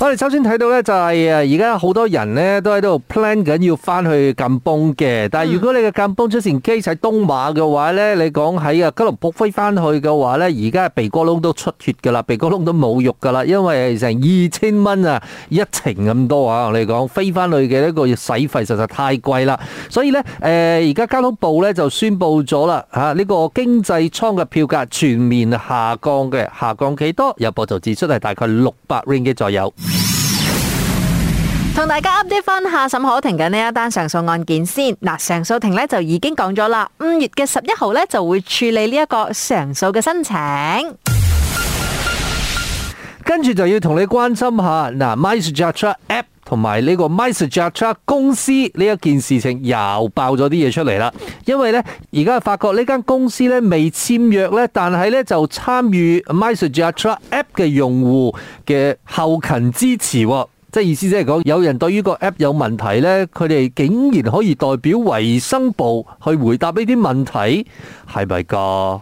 我哋首先睇到呢，就係啊，而家好多人呢都喺度 plan 緊要翻去甘榜嘅。但係如果你嘅甘榜出現機喺東馬嘅話呢、嗯，你講喺啊，吉隆坡飛翻去嘅話呢，而家鼻哥窿都出血噶啦，鼻哥窿都冇肉噶啦，因為成二千蚊啊，一程咁多啊，我哋講飛翻去嘅呢個使費，實在太貴啦。所以呢，誒、呃，而家交通部呢就宣布咗啦，吓、啊、呢、這個經濟艙嘅票價全面下降嘅，下降幾多？有報道指出係大概六百 ringgit 左右。同大家 update 翻下沈可婷嘅呢一單上訴案件先。嗱，上訴庭咧就已經講咗啦，五月嘅十一號咧就會處理呢一個上訴嘅申請。跟住就要同你關心下，嗱 MySejahtera App 同埋呢個 MySejahtera 公司呢一件事情又爆咗啲嘢出嚟啦。因為咧而家發覺呢間公司咧未簽約咧，但係咧就參與 MySejahtera App 嘅用戶嘅後勤支持。即係意思即係講，有人對於個 app 有問題咧，佢哋竟然可以代表衛生部去回答呢啲問題，係咪噶？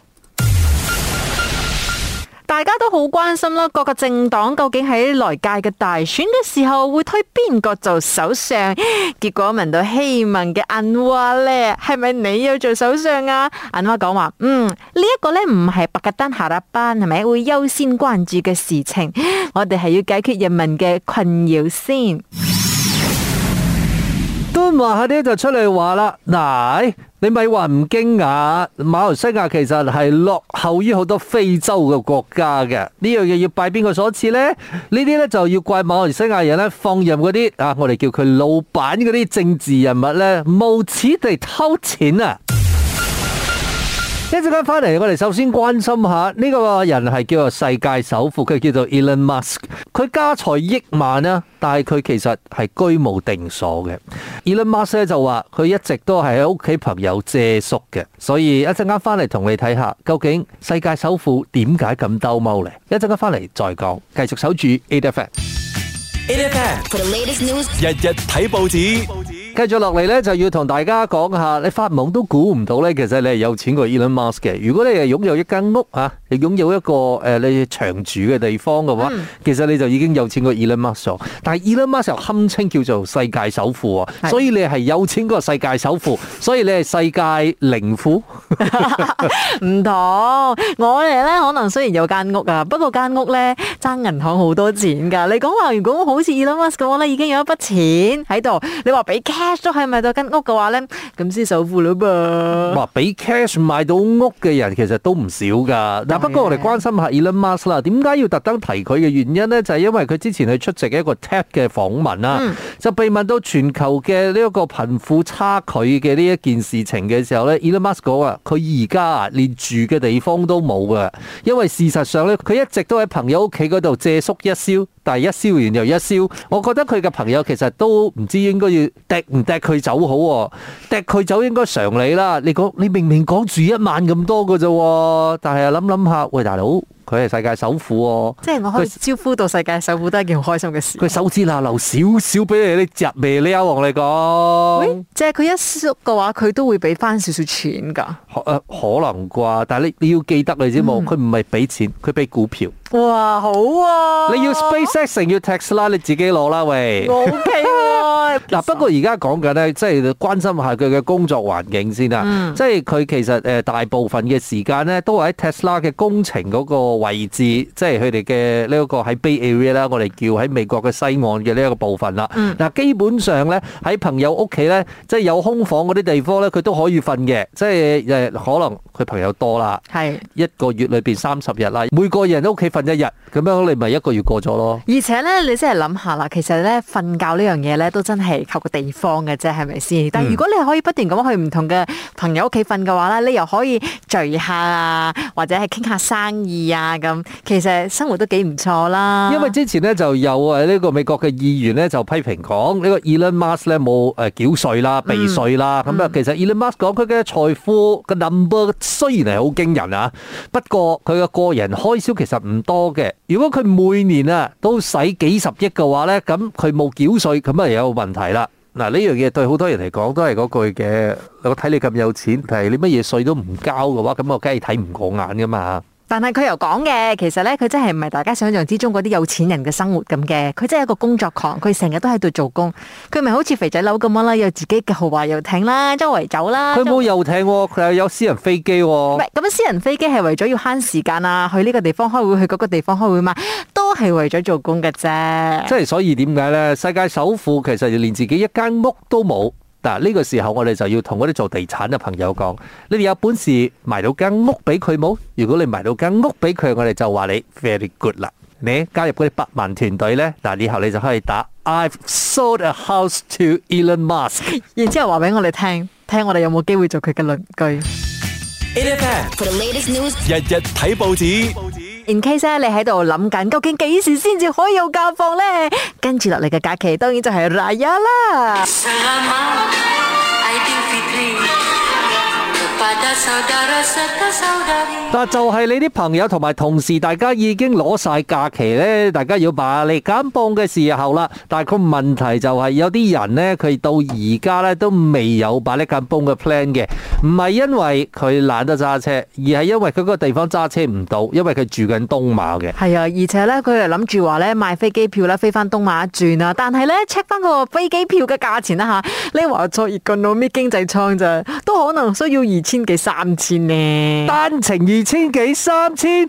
大家都好關心囉。各個政黨究竟喺來屆嘅大選嘅時候會推邊個做首相？結果聞到希盟嘅安華呢，係咪你要做首相啊？安華講話，嗯，呢、這、一個呢唔係白格丹哈拉班係咪？是是會優先關注嘅事情，我哋係要解決人民嘅困擾先。咁話下啲就出嚟話啦，嗱，你咪話唔驚訝，馬來西亞其實係落後於好多非洲嘅國家嘅，呢樣嘢要拜邊個所賜呢？呢啲呢就要怪馬來西亞人呢，放任嗰啲啊，我哋叫佢老闆嗰啲政治人物呢，無恥地偷錢啊！一陣間翻嚟，我哋首先關心下呢個人係叫做世界首富，佢叫做 Elon Musk，佢家財億萬啊，但係佢其實係居無定所嘅。Elon Musk 咧就話佢一直都係喺屋企朋友借宿嘅，所以一陣間翻嚟同你睇下究竟世界首富點解咁兜踎咧？一陣間翻嚟再講，繼續守住 Ada Ada for the latest news，日日睇報紙。報紙繼續落嚟咧，就要同大家講下，你發夢都估唔到咧。其實你係有錢過 Elon Musk 嘅。如果你係擁有一間屋啊，你擁有一個誒、呃，你長住嘅地方嘅話，嗯，其實你就已經有錢過 Elon Musk。但係 Elon Musk 又堪稱叫做世界首富啊，所以你係有，有錢過世界首富，所以你係世界零富。唔 同我哋咧，可能雖然有間屋啊，不過間屋咧爭銀行好多錢噶。你講話如果好似 Elon Musk 嘅話咧，已經有一筆錢喺度，你話俾 cash 咗係買到間屋嘅話咧，咁先首付啦嘛。哇，俾 cash 買到屋嘅人其實都唔少噶。嗱，不過我哋關心一下 Elon Musk 啦，點解要特登提佢嘅原因咧？就係、是、因為佢之前去出席一個 TED 嘅訪問啦、嗯，就被問到全球嘅呢一個貧富差距嘅呢一件事情嘅時候咧，Elon Musk 講話：佢而家啊，連住嘅地方都冇噶，因為事實上咧，佢一直都喺朋友屋企嗰度借宿一宵。第一燒完又一燒，我覺得佢嘅朋友其實都唔知應該要踢唔踢佢走好喎，啊，踢佢走應該常理啦。你講你明明講住一晚咁多嘅啫，但係諗諗下，喂，大佬。佢係世界首富喎，哦，即係我可以招呼到世界首富都係件好開心嘅事。佢手指罅留少少俾你，你嚼咩？你阿王你講，即係佢一縮嘅話，佢都會俾翻少少錢㗎。可能啩，但係你你要記得你知冇？佢唔係俾錢，佢俾股票。哇，好啊！你要 SpaceX，要 Tesla，你自己攞啦喂。冇 o 嗱，不過而家講緊咧，即係關心下佢嘅工作環境先啦、嗯。即係佢其實誒大部分嘅時間咧，都係喺 Tesla 嘅工程嗰個位置，即係佢哋嘅呢一個喺 Bay Area 啦，我哋叫喺美國嘅西岸嘅呢一個部分啦。嗱、嗯，基本上咧喺朋友屋企咧，即係有空房嗰啲地方咧，佢都可以瞓嘅。即係誒，可能佢朋友多啦，係一個月裏邊三十日啦，每個人都屋企瞓一日，咁樣你咪一個月過咗咯。而且咧，你真係諗下啦，其實咧瞓覺呢樣嘢咧都真係～係靠個地方嘅啫，係咪先？但係如果你可以不斷咁去唔同嘅朋友屋企瞓嘅話咧，你又可以聚下啊，或者係傾下生意啊咁，其實生活都幾唔錯啦。因為之前咧就有啊呢個美國嘅議員咧就批評講呢個 Elon Musk 咧冇誒繳稅啦、避稅啦。咁啊，其實 Elon Musk 講佢嘅財富嘅 number 雖然係好驚人啊，不過佢嘅個人開銷其實唔多嘅。如果佢每年啊都使幾十億嘅話咧，咁佢冇繳稅，咁啊有問。問題啦，嗱呢樣嘢對好多人嚟講都係嗰句嘅。我睇你咁有錢，但係你乜嘢稅都唔交嘅話，咁我梗係睇唔過眼噶嘛。但係佢又講嘅，其實咧佢真係唔係大家想象之中嗰啲有錢人嘅生活咁嘅，佢真係一個工作狂，佢成日都喺度做工，佢咪好似肥仔佬咁樣啦，有自己嘅豪華遊艇啦，周圍走啦，佢冇遊艇，佢又有，有私人飛機，喎。咁私人飛機係為咗要慳時間啊，去呢個地方開會，去嗰個地方開會嘛，都係為咗做工嘅啫，即係所以點解呢？世界首富其實連自己一間屋都冇。嗱，呢個時候我哋就要同嗰啲做地產嘅朋友講，你哋有本事買到間屋俾佢冇？如果你買到間屋俾佢，我哋就話你 very good 啦。你加入嗰啲百萬團隊咧，嗱，以後你就可以打 I've sold a house to Elon Musk，然之後話俾我哋聽，睇下我哋有冇機會做佢嘅鄰居。For the latest news，日日睇報紙。報紙。In case 你喺度諗緊究竟幾時先至可以有假放呢？跟住落嚟嘅假期當然就係 Raya 啦。但就係你啲朋友同埋同事，大家已經攞晒假期呢，大家要把你減磅嘅時候啦。但係個問題就係，有啲人呢，佢到而家呢，都未有把呢減磅嘅 plan 嘅。唔係因為佢懶得揸車，而係因為佢嗰個地方揸車唔到，因為佢住緊東馬嘅。係啊，而且呢，佢係諗住話呢，買飛機票啦，飛翻東馬轉啊。但係呢 check 翻個飛機票嘅價錢啦吓，你話坐熱近到咩經濟艙咋？都可能需要千幾三千呢？單程二千幾三千。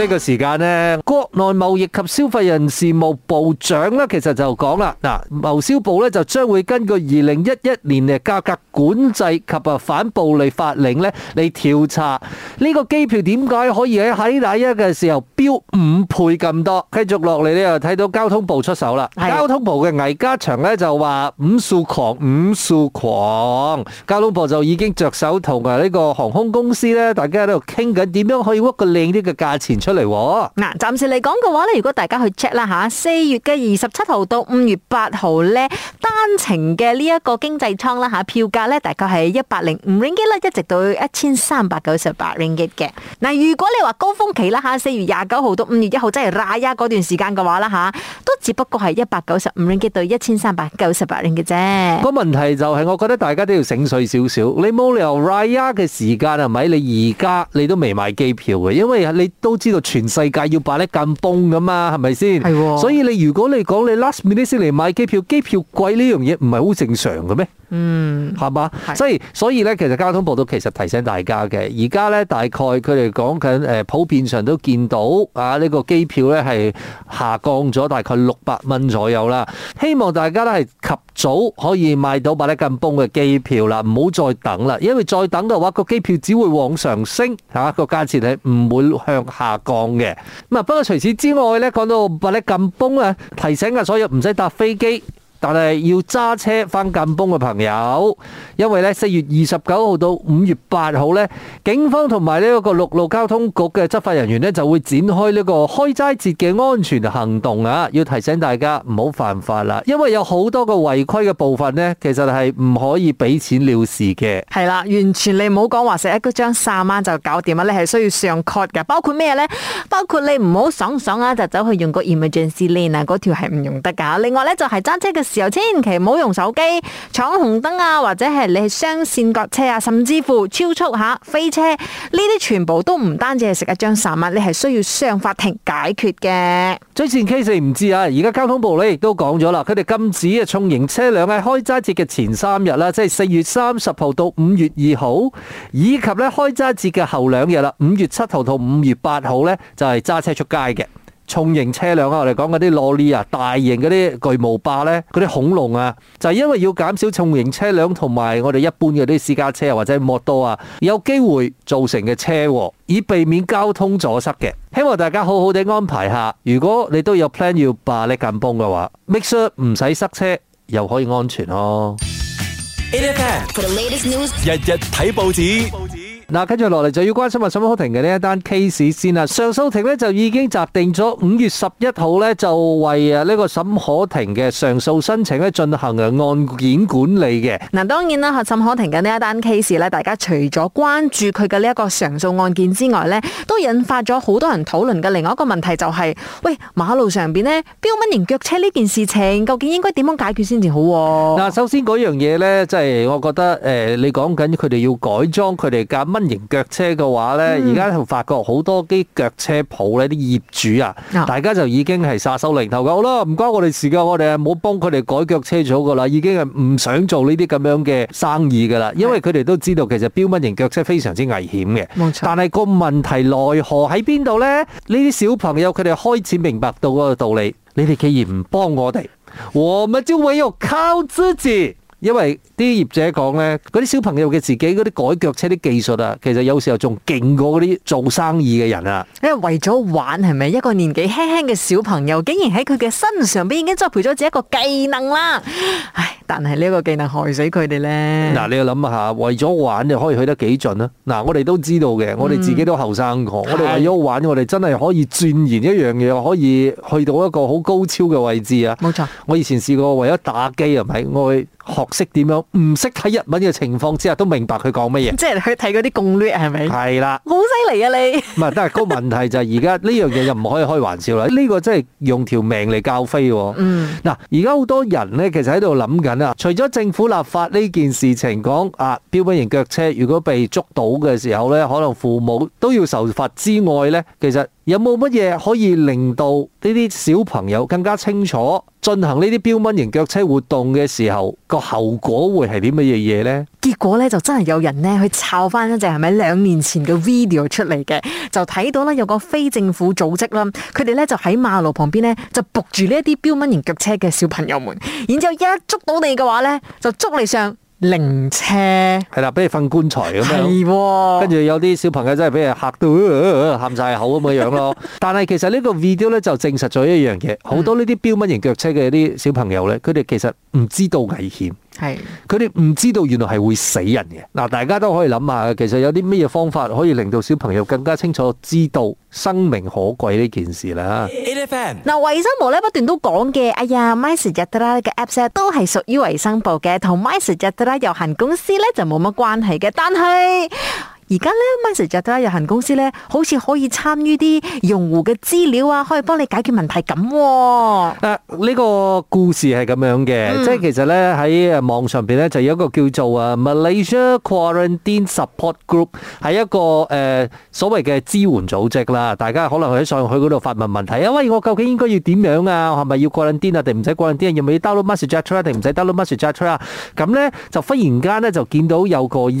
呢、個時間咧，國內貿易及消費人事務部長咧，其實就講啦，嗱，貿消部咧就將會根據二零一一年嘅價格管制及啊反暴利法令咧，嚟調查呢、個機票點解可以喺喺第一嘅時候標五倍咁多。繼續落嚟咧，又睇到交通部出手啦。交通部嘅魏家祥咧就話五數狂五數狂，交通部就已經着手同啊呢個航空公司咧，大家喺度傾緊點樣可以屈個靚啲嘅價錢。出嚟喎。嗱，暫時嚟講嘅話咧，如果大家去 check 啦嚇，四月嘅二十七號到五月八號咧，單程嘅呢一個經濟艙啦嚇，票價咧大概係一百零五 ringgit 啦，一直到一千三百九十八 ringgit 嘅。嗱，如果你話高峯期啦嚇，四月廿九號到五月一號即係 Raya 嗰段時間嘅話啦嚇，都只不過係一百九十五 ringgit 到一千三百九十八 ringgit 啫。個問題就係，我覺得大家都要醒水少少，你冇理由 Raya 嘅時間係咪你而家你都未買機票嘅，因為你都知。呢度全世界要擺得咁崩噶嘛，係咪先？係喎。所以你如果你講你 last minute 先嚟買機票，機票貴呢樣嘢唔係好正常嘅咩？嗯，係嘛，所以所以咧，其實交通部都其實提醒大家嘅，而家咧大概佢哋講緊誒，普遍上都見到啊、這個、機呢個機票咧係下降咗大概六百蚊左右啦。希望大家咧係及早可以買到百麗金崩嘅機票啦，唔好再等啦，因為再等嘅話個機票只會往上升吓個價錢係唔會向下降嘅。咁啊，不過除此之外咧，講到百麗金崩啊，提醒啊，所有唔使搭飛機，但係要揸車返緊工嘅朋友，因為咧四月二十九號到五月八號咧，警方同埋呢一個陸路交通局嘅執法人員咧就會展開呢個開齋節嘅安全行動啊！要提醒大家唔好犯法啦，因為有好多個違規嘅部分呢，其實係唔可以俾錢了事嘅。係啦，完全你唔好講話食一嗰張卅萬就搞掂啊！你係需要上 court 嘅，包括咩呢？包括你唔好爽唔爽啊，就走去用個 emergency lane 啊，嗰條係唔用得噶。另外呢，就係、是、揸車嘅。時候千祈唔好用手機闖紅燈啊，或者係你係雙線割車啊，甚至乎超速下飛車呢啲，全部都唔單止係食一張散物。你係需要上法庭解決嘅。最近 K 四唔知啊，而家交通部咧亦都講咗啦，佢哋禁止啊重型車輛喺開齋節嘅前三、就是、日啦，即係四月三十號到五月二號，以及咧開齋節嘅後兩日啦，五月七號到五月八號咧就係揸車出街嘅。重型車輛啊，我哋講嗰啲羅厘啊，大型嗰啲巨無霸呢、嗰啲恐龍啊，就係、是、因為要減少重型車輛同埋我哋一般嘅啲私家車或者摩托啊，有機會造成嘅車禍，以避免交通阻塞嘅。希望大家好好地安排下，如果你都有 plan 要霸呢間崩嘅話，make sure 唔使塞車又可以安全咯。It is there. News, 日日睇報紙。日日嗱，跟住落嚟就要關心下沈可婷嘅呢一單 case 先啦。上訴庭咧就已經集定咗五月十一號咧，就為啊呢個沈可婷嘅上訴申請咧進行啊案件管理嘅。嗱，當然啦，阿沈可婷嘅呢一單 case 咧，大家除咗關注佢嘅呢一個上訴案件之外咧，都引發咗好多人討論嘅另外一個問題，就係、是：喂，馬路上邊咧飆蚊型腳車呢件事情，究竟應該點樣解決先至好？嗱，首先嗰樣嘢咧，即、就、係、是、我覺得誒、呃，你講緊佢哋要改裝佢哋架乜？蚊型腳車嘅話呢，而家同發覺好多啲腳車鋪呢啲業主啊、嗯，大家就已經係撒手零頭噶，好啦，唔關我哋事噶，我哋啊冇幫佢哋改腳車組噶啦，已經係唔想做呢啲咁樣嘅生意噶啦，因為佢哋都知道其實飆蚊型腳車非常之危險嘅，但係個問題奈何喺邊度呢？呢啲小朋友佢哋開始明白到嗰個道理，你哋既然唔幫我哋，我咪只有靠自己。因為啲業者講咧，嗰啲小朋友嘅自己嗰啲改腳車啲技術啊，其實有時候仲勁過嗰啲做生意嘅人啊。因為為咗玩係咪？是是一個年紀輕輕嘅小朋友，竟然喺佢嘅身上邊已經栽培咗自己一個技能啦。唉。但係呢個技能害死佢哋咧。嗱、啊，你要諗下，為咗玩你可以去得幾盡啊？嗱，我哋都知道嘅，我哋自己都後生過，嗯、我哋為咗玩，我哋真係可以鑽研一樣嘢，可以去到一個好高超嘅位置啊！冇錯，我以前試過為咗打機，係咪？我學識點樣唔識睇日文嘅情況之下，都明白佢講乜嘢。即係去睇嗰啲攻略，係咪？係啦，好犀利啊你！唔係，但 係個問題就係而家呢樣嘢又唔可以開玩笑啦。呢、這個真係用條命嚟交飛。喎、嗯！嗱、啊，而家好多人咧，其實喺度諗緊。除咗政府立法呢件事情，講啊標兵型腳車，如果被捉到嘅時候咧，可能父母都要受罰之外咧，其實。有冇乜嘢可以令到呢啲小朋友更加清楚進行呢啲標蚊型腳車活動嘅時候，個後果會係啲乜嘢嘢咧？結果咧就真係有人呢去抄翻一隻係咪兩年前嘅 video 出嚟嘅，就睇到啦，有個非政府組織啦，佢哋咧就喺馬路旁邊咧就僕住呢一啲標蚊型腳車嘅小朋友們，然之後一捉到你嘅話呢，就捉你上靈車係啦，俾你瞓棺材咁樣，跟住有啲小朋友真係俾人嚇到喊晒、呃、口咁嘅樣咯。 但係其實呢個 video 咧就證實咗一樣嘢，好多呢啲標蚊型腳車嘅啲小朋友咧，佢哋其實唔知道危險。係，佢哋唔知道原來係會死人嘅。嗱，大家都可以諗下，其實有啲咩方法可以令到小朋友更加清楚知道生命可貴呢件事啦。嗱，衛生部咧不斷都講嘅，哎呀，MySejahtera 嘅 apps 都係屬於衛生部嘅，同 MySejahtera 有限公司呢就冇乜關係嘅，但係。而家咧，MySejahtera 有限公司咧，好似可以參與啲用戶嘅資料啊，可以幫你解決問題咁、啊。喎、啊。呢、呢個故事係咁樣嘅、嗯，即係其實咧喺網上面咧就有一個叫做啊 Malaysia Quarantine Support Group，係一個、呃、所謂嘅支援組織啦。大家可能喺上去嗰度發問問題、啊、喂，我究竟應該要點樣啊？係咪要過 quarantine 啊？定唔使過 quarantine 啊？要唔要 download MySejahtera 啊？定唔使 download MySejahtera 啊？咁咧就忽然間咧就見到有個人。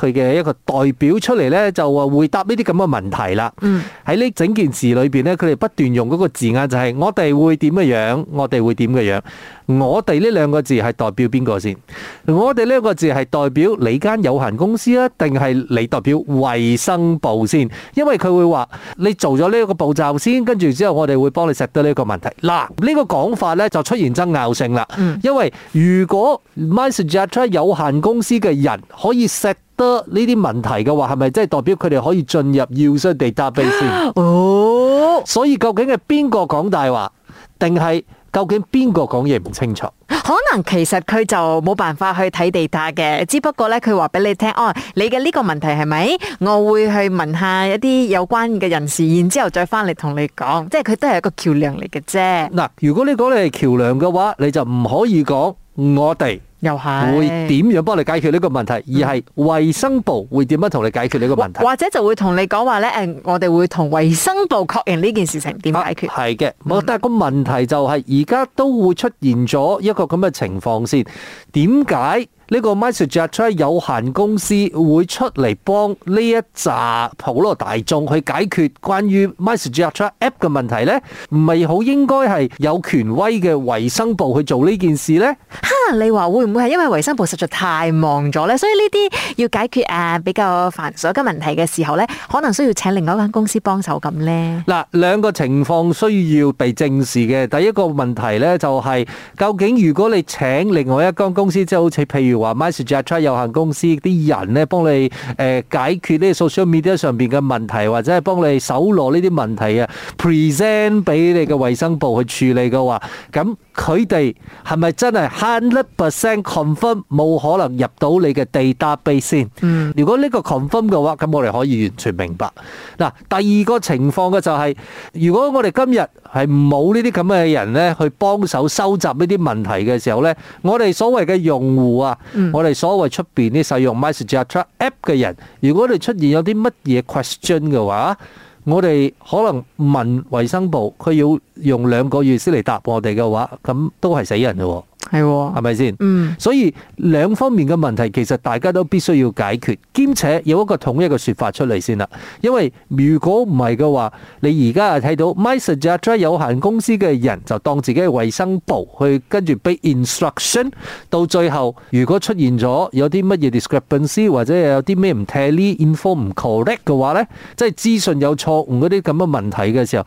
佢嘅一個代表出嚟呢，就話回答呢啲咁嘅問題啦。喺呢整件事裏邊呢，佢哋不斷用嗰個字眼，就係我哋會點嘅樣，我哋會點嘅樣。我哋呢兩個字係代表邊個先？我哋呢個字係代表你間有限公司啊，定係你代表衞生部先？因為佢會話你做咗呢個步驟先，跟住之後我哋會幫你 set 到呢個問題。嗱，呢個講法呢就出現爭拗性啦。因為如果 MySejahtera 有限公司嘅人可以 set。呢啲問題嘅話，係咪即係代表佢哋可以進入要塞地圖 b a 先？哦，所以究竟係邊個講大話，定係究竟邊個講嘢唔清楚？可能其實佢就冇辦法去睇地圖嘅，只不過呢，佢話俾你聽，哦，你嘅呢個問題係咪？我會去問下一啲有關嘅人士，然之後再翻嚟同你講，即係佢都係一個橋梁嚟嘅啫。嗱，如果你講你係橋梁嘅話，你就唔可以講我哋。又係會點樣幫你解決呢個問題？嗯、而係衛生部會點樣同你解決呢個問題？或者就會同你講話呢：「誒，我哋會同衛生部確認呢件事情點解決？係、啊、嘅，但係個問題就係而家都會出現咗一個咁嘅情況先。點解呢個 MySejahtera 有限公司會出嚟幫呢一紮普羅大眾去解決關於 MySejahtera App 嘅問題呢？唔係好應該係有權威嘅衛生部去做呢件事呢？你話會唔會係因為衛生部實在太忙咗咧？所以呢啲要解決誒比較繁瑣嘅問題嘅時候咧，可能需要請另外一間公司幫手咁咧。嗱，兩個情況需要被正視嘅，第一個問題咧就係究竟如果你請另外一間公司，即係好似譬如話 MySejahtera 有限公司啲人咧，幫你誒解決呢個 social media 上面嘅問題，或者係幫你搜羅呢啲問題啊，present 俾你嘅衛生部去處理嘅話，咁佢哋係咪真係慳咧？一 percent confirm 冇可能入到你嘅 database 先。如果呢個 confirm 嘅話，咁我哋可以完全明白。嗱，第二個情況嘅就係，如果我哋今日係冇呢啲咁嘅人咧，去幫手收集呢啲問題嘅時候咧，我哋所謂嘅用戶啊，我哋所謂出邊啲使用 message app 嘅人，如果你出現有啲乜嘢 question 嘅話，我哋可能問衛生部，佢要用兩個月先嚟答我哋嘅話，咁都係死人嘅。係喎，係咪先？嗯，所以兩方面嘅問題，其實大家都必須要解決，兼且有一個統一嘅說法出嚟先啦。因為如果唔係嘅話，你而家睇到 MySejahtera 有限公司嘅人就當自己係衛生部去跟住俾 instruction，到最後如果出現咗有啲乜嘢 discrepancy 或者有啲咩唔 tell、inform、correct 嘅話呢，即係資訊有錯誤嗰啲咁嘅問題嘅時候。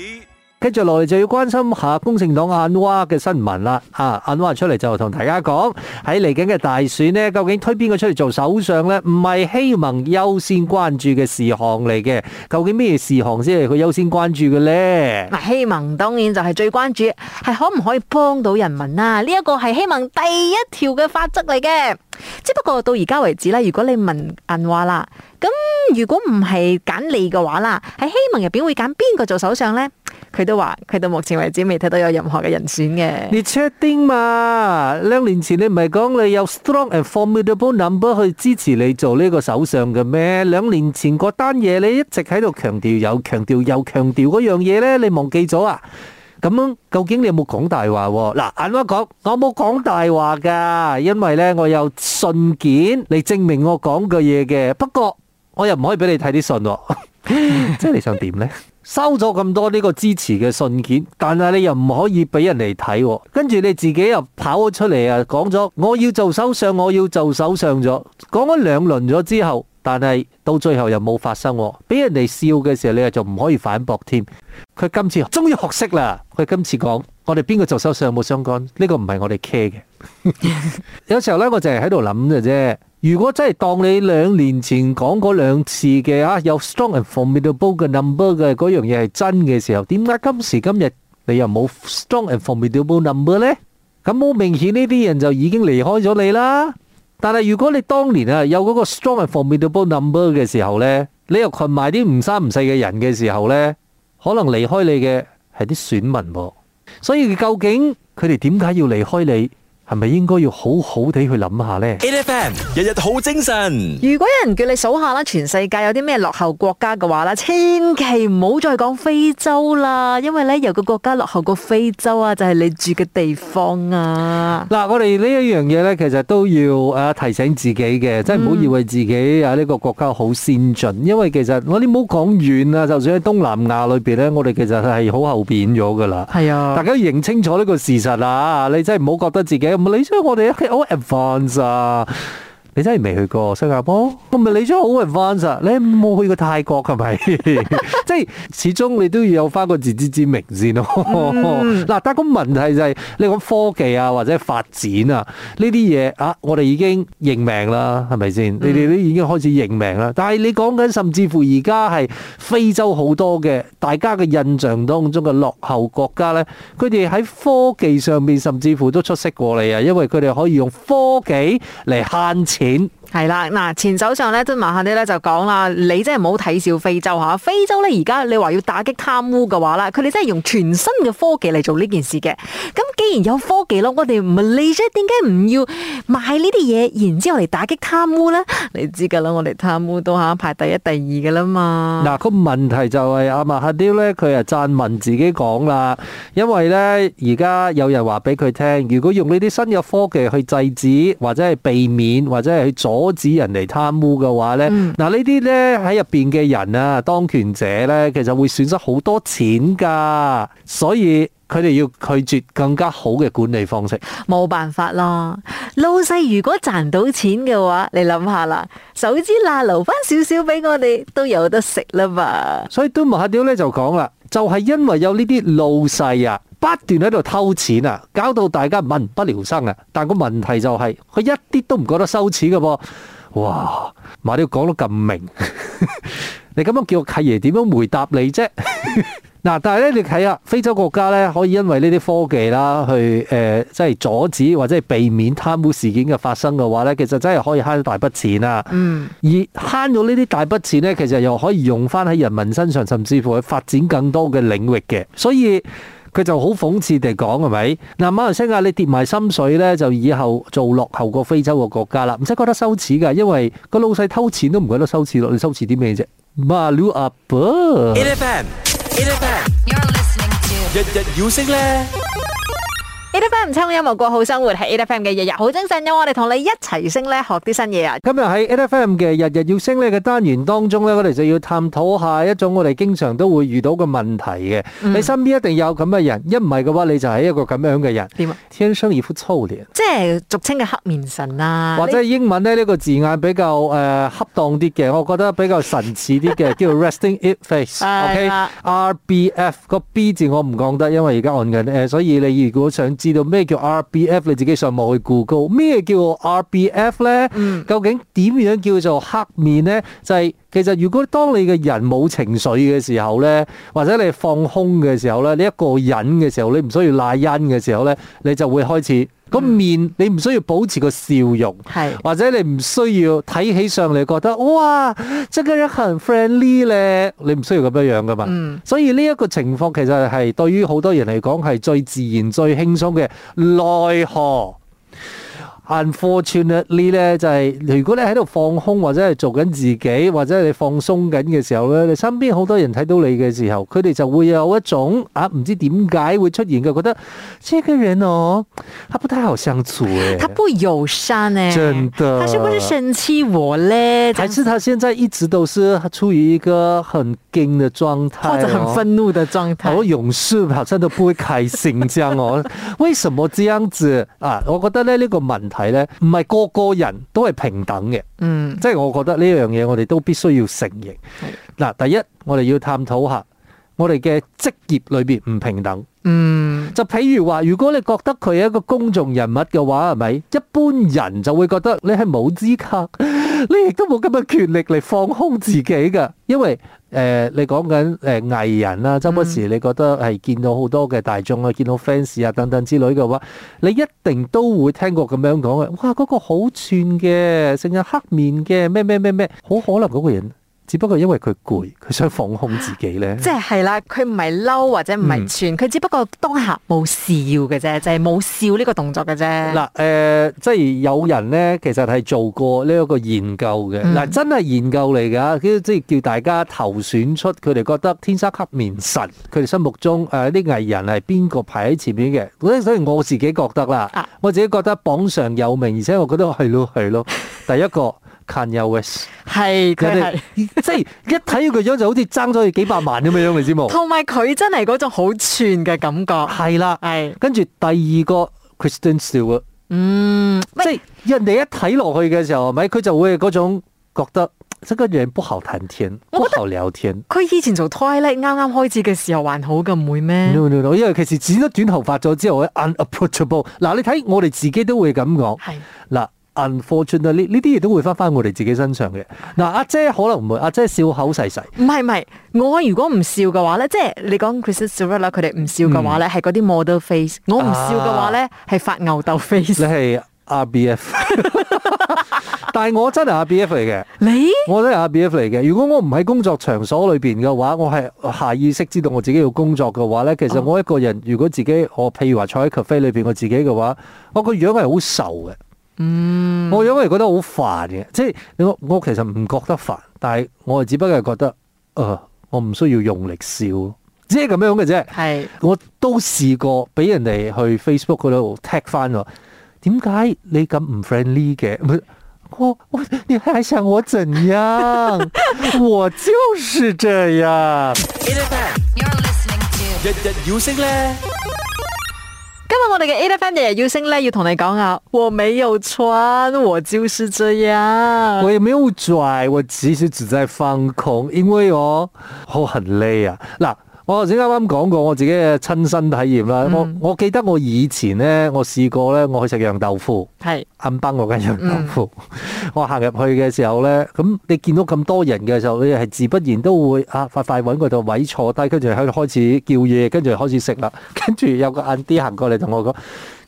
跟住落嚟就要關心下工程黨阿 n 努 a 嘅新聞啦、啊。阿 n 努 a 出嚟就同大家講，喺嚟緊嘅大選呢，究竟推邊個出嚟做首相呢？唔係希望優先關注嘅事項嚟嘅。究竟咩事項先係佢優先關注嘅呢？嗱，希望當然就係最關注，係可唔可以幫到人民啊？呢一個係希望第一條嘅法則嚟嘅。只不過到而家為止，如果你問銀話啦，咁如果唔係揀你嘅話啦，喺希盟入邊會揀邊個做首相呢？佢都話佢到目前為止未睇到有任何嘅人選嘅。你 check 啲嘛？兩年前你唔係講你有 strong and formidable number 去支持你做呢個首相嘅咩？兩年前嗰單嘢你一直喺度強調，有強調，有強調嗰樣嘢呢，你忘記咗啊？咁究竟你有冇講大話？嗱、嗯，阿媽講我冇講大話㗎，因為咧我有信件嚟證明我講嘅嘢嘅。不過我又唔可以俾你睇啲信， 即係你想點呢？ 收咗咁多呢個支持嘅信件，但係你又唔可以俾人嚟睇，跟住你自己又跑咗出嚟啊，講咗我要做首相，我要做首相咗，講咗兩輪咗之後。但係到最後又冇發生，俾人哋笑嘅時候，你又就唔可以反駁添。佢今次終於學識啦。佢今次講，我哋邊個做首相冇相干，呢個唔係我哋 care 嘅。有時候呢，我就係喺度諗嘅啫。如果真係當你兩年前講過兩次嘅吓有 strong and formidable 嘅 number 嘅嗰樣嘢，係真嘅時候，點解今時今日你又冇 strong and formidable number 呢？咁好明顯呢啲人就已經離開咗你啦。但係如果你當年啊有嗰個 stronger formidable number 嘅時候咧，你又群埋啲唔三唔四嘅人嘅時候咧，可能離開你嘅係啲選民喎。所以究竟佢哋點解要離開你？係咪應該要好好地去諗下咧？AFM 日日好精神。如果有人叫你數下啦，全世界有啲咩落後國家嘅話啦，千祈唔好再講非洲啦，因為咧有個國家落後過非洲啊，就係你住嘅地方啊。嗱，我哋呢一樣嘢咧，其實都要提醒自己嘅，即係唔好以為自己啊呢個國家好先進，嗯、因為其實我哋唔好講遠啊，就算喺東南亞裏邊咧，我哋其實係好後邊咗噶啦。係啊，大家認清楚呢個事實啊，你真係唔好覺得自己。唔理啫，我哋一係好 advanced 啊！你真係未去過新加坡，我咪你張好 advanced。你冇去過泰國係咪？即係始終你都要有翻個自知之明先咯。嗱，但係個問題就係你講科技啊，或者發展啊呢啲嘢啊，我哋已經認命啦，係咪先？你哋都已經開始認命啦。但係你講緊甚至乎而家係非洲好多嘅大家嘅印象當中嘅落後國家咧，佢哋喺科技上面甚至乎都出色過你啊，因為佢哋可以用科技嚟慳。係啦，嗱，前首相咧，即馬哈迪咧就講啦，你真係唔好睇笑非洲吓，非洲咧而家你話要打擊貪污嘅話啦，佢哋真係用全新嘅科技嚟做呢件事嘅。咁既然有科技咯，我哋唔係你啫，點解唔要買呢啲嘢，然之後嚟打擊貪污咧？你知噶啦，我哋貪污都吓排第一、第二噶啦嘛。嗱、那，個問題就係、是、阿馬哈迪咧，佢啊贊文自己講啦，因為咧而家有人話俾佢聽，如果用呢啲新嘅科技去制止或者係避免或者。咧去阻止人嚟貪污嘅話呢，嗱，呢啲呢喺入邊嘅人啊，當權者呢，其實會損失好多錢噶，所以佢哋要拒絕更加好嘅管理方式，冇辦法啦。老細如果賺到錢嘅話，你諗下啦，手指罅留翻少少俾我哋都有得食啦嘛。所以端木阿雕呢就講啦，就係因為有呢啲老細啊。不斷喺度偷錢啊，搞到大家民不聊生啊。但個問題就係、是、佢一啲都唔覺得羞恥㗎噃。哇，嗱 你講得咁明，你咁樣叫我契爺點樣回答你啫？嗱， 但係咧，你睇下非洲國家咧，可以因為呢啲科技啦，去誒即係阻止或者係避免貪污事件嘅發生嘅話咧，其實真係可以慳到大筆錢呀、啊。嗯，而慳咗呢啲大筆錢咧，其實又可以用翻喺人民身上，甚至乎去發展更多嘅領域嘅，所以。佢就好諷刺地講係咪？嗱，馬來西亞你跌埋心水咧，就以後做落後個非洲個國家啦，唔使覺得羞恥㗎，因為個老細偷錢都唔覺得羞恥咯，你羞恥啲咩啫？Malu 阿婆。In the end, In the end, you're listening to 日日妖聲咧。A.F.M. 唔聽音樂過好生活，係 A.F.M. 嘅日日好精神為我哋同你一齊升咧，學啲新嘢啊！今日喺 A.F.M. 嘅日日要升咧嘅單元當中咧，我哋就要探討一下一種我哋經常都會遇到嘅問題嘅。你身邊一定有咁嘅人，一唔係嘅話你就係一個咁樣嘅人。點、嗯、天生一副粗劣，即係俗稱嘅黑面神啊，或者英文呢呢個字眼比較誒、呃、恰當啲嘅，我覺得比較神似啲嘅， 叫做 Resting It Face，OK，R、okay? B F 個 B 字我唔講得，因為而家按緊誒，所以你如果想知。知道咩叫 RBF？你自己上網去 Google，咩叫做 RBF 咧？嗯、究竟點樣叫做黑面咧？就係、是、其實如果當你嘅人冇情緒嘅時候咧，或者你放空嘅時候咧，你一個人嘅時候，你唔需要拉恩嘅時候咧，你就會開始。個、嗯、面你唔需要保持個笑容，或者你唔需要睇起上嚟覺得哇即刻一行 friendly 咧，你唔需要咁樣樣㗎嘛、嗯。所以呢一個情況其實係對於好多人嚟講係最自然、最輕鬆嘅奈何。Unfortunately 咧，就係如果你喺度放空，或者係做緊自己，或者係放鬆緊嘅時候咧，你身邊好多人睇到你嘅時候，佢哋就會有一種啊唔知點解會出現嘅，覺得呢個人哦，他不太好相處誒，他不友善咧，真的，他是不是生氣我咧？還是他現在一直都是處於一個很驚嘅狀態，或者很憤怒嘅狀態？好像勇士好像都不會開心，咁樣哦， 為什麼這樣子啊？我覺得咧呢個問題。係咧，唔係個個人都係平等嘅，嗯，即係我覺得呢樣嘢我哋都必須要承認。嗱，第一我哋要探討下我哋嘅職業裏面唔平等，嗯，就譬如話，如果你覺得佢係一個公眾人物嘅話，係咪一般人就會覺得你係冇資格？你亦都冇咁嘅權力嚟放空自己㗎，因為誒、呃、你講緊誒藝人啦，周不時你覺得係見到好多嘅大眾啊，見到 fans 啊等等之類嘅話，你一定都會聽過咁樣講嘅，哇！嗰個好串嘅，成日黑面嘅，咩咩咩咩，好可能嗰個人。只不過因為佢攰，佢想放空自己咧。即係係啦，佢唔係嬲或者唔係串，佢、嗯、只不過當下冇事要嘅啫，就係、是、冇笑呢個動作嘅啫。嗱，誒，即係有人咧，其實係做過呢一個研究嘅。嗱、嗯，真係研究嚟㗎，即係叫大家投選出佢哋覺得天生黑面神，佢哋心目中誒啲、呃、藝人係邊個排喺前面嘅？所以我自己覺得啦、啊，我自己覺得榜上有名，而且我覺得係咯係咯，咯，第一個。 k e 係佢係，他是 即係一睇佢個樣就好似爭咗幾百萬咁樣，你知嘛。同埋佢真係嗰種好串嘅感覺。係啦，係。跟住第二個 Kristen Stewart 嗯，即係人哋一睇落去嘅時候，咪佢就會嗰種覺得，這個樣不好談天，不好聊天。佢以前做 Twilight 啱啱開始嘅時候還好咁唔會咩？no no no，因為其實剪咗短頭髮咗之後，unapproachable。嗱，你睇我哋自己都會咁講，係嗱。Unfortunately 呢呢啲嘢都會翻翻我哋自己身上嘅。嗱、啊、阿姐，姐可能唔會，阿姐，姐笑口細細。唔係唔係，我如果唔笑嘅話咧，即、就、係、是、你講 Christian Siriano 佢哋唔笑嘅話咧，係嗰啲 model face 我。我唔笑嘅話咧，係發吽斗 face。你係 RBF， 但係我真係 RBF 嚟嘅。你我真係 RBF 嚟嘅。如果我唔喺工作場所裏邊嘅話，我係下意識知道我自己要工作嘅話咧，其實我一個人如果自己我譬如話坐喺 cafe 裏邊我自己嘅話，我個樣係好瘦嘅。嗯，我因為覺得好煩嘅，即係我我其實唔覺得煩，但係我只不過係覺得，誒、呃，我唔需要用力笑，即係咁樣嘅啫。係，我都試過俾人哋去 Facebook 嗰度 tag 翻我，點解你咁唔 friendly 嘅？我，我你還想我怎樣？ 我就是這樣。日日要星咧。 今日我哋嘅 A.F.M. 日日要升咧，要同你講啊，我沒有穿，我就是這樣，我也沒有拽，我其實只在放空，因為哦，我好，很累啊，嗱。我頭先啱啱講過我自己嘅親身體驗啦，嗯，我我記得我以前咧，我試過咧，我去食羊豆腐，係，暗崩嗰間羊豆腐。嗯， 我行入去嘅時候咧，咁你見到咁多人嘅時候，你係自不然都會啊快快揾個度位坐低，跟住喺度開始叫嘢，跟住開始食啦，跟住有個暗啲行過嚟同我講，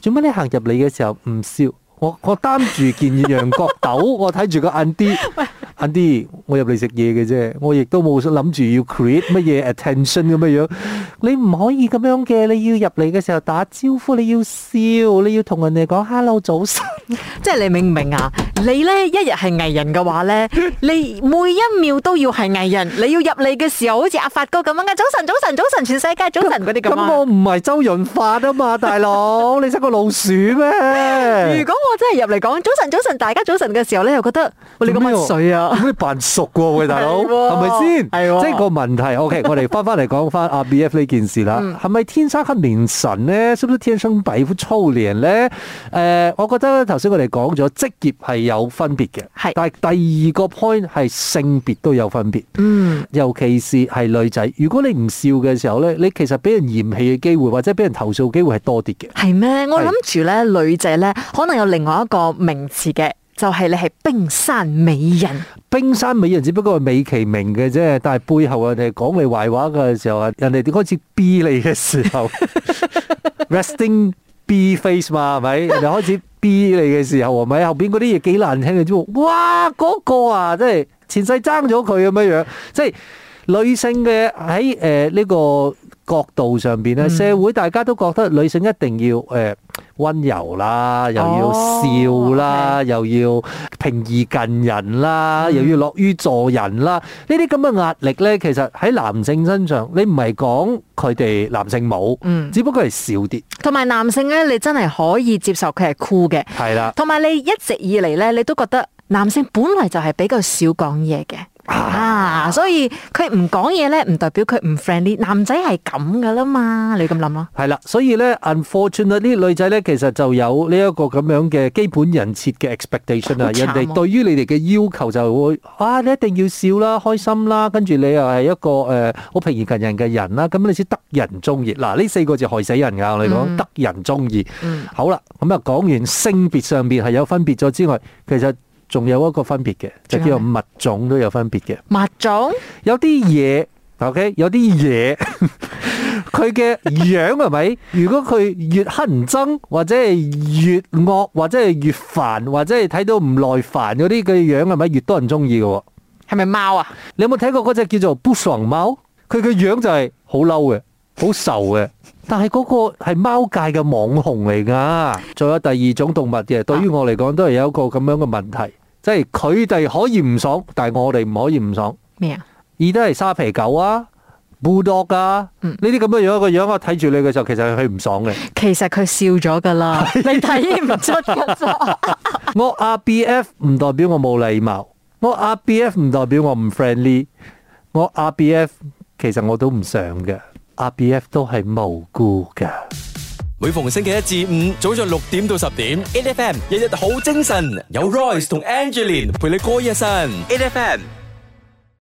做乜你行入嚟嘅時候唔笑？我我擔住件羊角豆， 我睇住個暗啲。 阿啲，我入嚟食嘢嘅啫，我亦都冇諗住要 create 乜嘢 attention 咁樣樣。你唔可以咁樣嘅，你要入嚟嘅時候打招呼，你要笑，你要同人哋講 hello 早晨。即係你明唔明啊？你呢一日係藝人嘅話呢，你每一秒都要係藝人。你要入嚟嘅時候，好似阿發哥咁樣嘅早晨，早晨，早晨，全世界早晨嗰啲咁。咁我唔係周潤發啊嘛，大佬， 你識個老鼠咩？如果我真係入嚟講早晨，早晨，大家早晨嘅時候呢，又覺得你咁乜水啊？可以 扮熟嘅、啊、喎，喂大佬，係咪先？係即係個問題。 OK，我哋翻翻嚟講翻 RBF 呢件事啦。係 咪、嗯、天生黑面神咧？是唔是天生皮膚粗劣咧？誒、呃，我覺得頭先我哋講咗職業係有分別嘅。係，但係第二個 point 係性別都有分別。嗯，尤其是係女仔，如果你唔笑嘅時候咧，你其實俾人嫌棄嘅機會或者俾人投訴機會係多啲嘅。係咩？我諗住咧，女仔咧可能有另外一個名詞嘅。就係、是、你係冰山美人，冰山美人只不過係美其名嘅啫，但係背後啊，人哋講你壞話嘅時候啊，人哋點開始 B 你嘅時候 ，Resting B face 嘛，係咪？人哋開始 B 你嘅時候，係咪？後邊嗰啲嘢幾難聽嘅啫，哇！嗰、那個啊，即係前世爭咗佢咁樣樣，即係女性嘅喺誒呢個。角度上面，咧，社會大家都覺得女性一定要誒、呃、溫柔啦，又要笑啦、oh, okay.，又要平易近人啦，又要樂於助人啦。呢啲咁嘅壓力咧，其實喺男性身上，你唔係講佢哋男性冇，嗯，只不過係少啲。同埋男性咧，你真係可以接受佢係酷嘅，係啦。同埋你一直以嚟咧，你都覺得男性本來就係比較少講嘢嘅。啊，所以佢唔講嘢咧，唔代表佢唔 friendly。男仔係咁噶啦嘛，你咁諗咯？係啦，所以咧，unfortunately，呢啲女仔咧，其實就有呢一個咁樣嘅基本人設嘅 expectation 啊。人哋對於你哋嘅要求就會啊，你一定要笑啦，開心啦，跟住你又係一個誒好平易近人嘅人啦。咁你先得人中意。嗱，呢四個字害死人噶，我哋講得人中意。嗯，好啦，咁啊講完性別上面係有分別咗之外，其實。仲有一個分別嘅，就叫做物種都有分別嘅。物種有啲嘢，OK，有啲嘢佢嘅樣係咪？如果佢越乞人憎，或者係越惡，或者係越煩，或者係睇到唔耐煩嗰啲嘅樣係咪越多人中意嘅？係咪貓啊？你有冇睇過嗰隻叫做 b u 布什貓？佢嘅樣就係好嬲嘅，好瘦嘅。但係嗰個係貓界嘅網紅嚟㗎。仲 有第二種動物嘅，對於我嚟講都係有一個咁樣嘅問題。即係佢哋可以唔爽，但係我哋唔可以唔爽。咩啊？而都係沙皮狗啊、布洛克啊，呢啲咁嘅樣一個樣，我睇住你嘅時候，其實佢唔爽嘅。其實佢笑咗噶啦， 你睇唔出㗎咋？ 我 RBF 唔代表我冇禮貌，我 RBF 唔代表我唔 friendly，我 RBF 其實我都唔想嘅，RBF 都係無辜嘅。每逢星期一至五早上六點到十點，A F M 日日好精神，有 Royce 同 Angelin 陪你過一晨，A F M。